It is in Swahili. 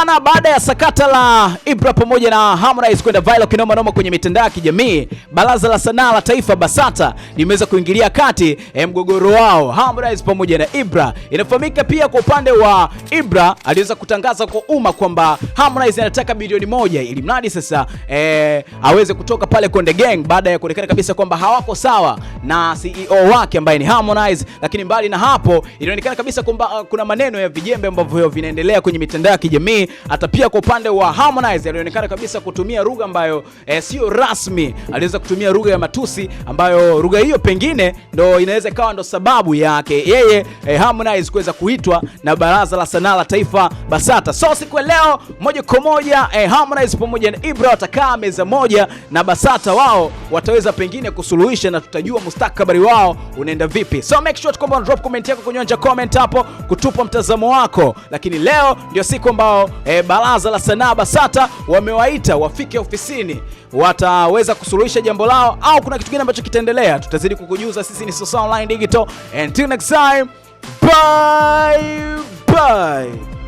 Bana, baada ya sakata la Ibra pamoja na Harmonize kwenda viral kinoma noma kwenye mitandao ya kijamii, Baraza la Sanaa la Taifa BASATA limeweza kuingilia kati eh, mgogoro wao Harmonize pamoja na Ibra. Inafahamika pia kwa upande wa Ibra aliweza kutangaza kwa umma kwamba Harmonize anataka bilioni moja ili mradi sasa e, aweze kutoka pale Konde Gang baada ya kuonekana kabisa kwamba hawako sawa na CEO wake ambaye ni Harmonize. Lakini mbali na hapo, ilionekana kabisa kwamba eh, kuna maneno ya vijembe ambavyo vinaendelea kwenye mitandao ya kijamii hata pia kwa upande wa Harmonize alionekana kabisa kutumia lugha ambayo eh, sio rasmi. Aliweza kutumia lugha ya matusi ambayo lugha hiyo pengine ndo inaweza ikawa ndo sababu yake yeye eh, Harmonize kuweza kuitwa na Baraza la Sanaa la Taifa Basata. So siku ya leo moja kwa moja eh, Harmonize pamoja na Ibra watakaa meza moja na Basata, wao wataweza pengine kusuluhisha na tutajua mustakabali wao unaenda vipi. So make sure tukomba drop comment yako kwenye comment hapo kutupa mtazamo wako, lakini leo ndio siku ambao e, baraza la sanaa BASATA wamewaita wafike ofisini, wataweza kusuluhisha jambo lao au kuna kitu kingine ambacho kitaendelea, tutazidi kukujuza. Sisi ni Sosa Online Digital, until next time, bye bye.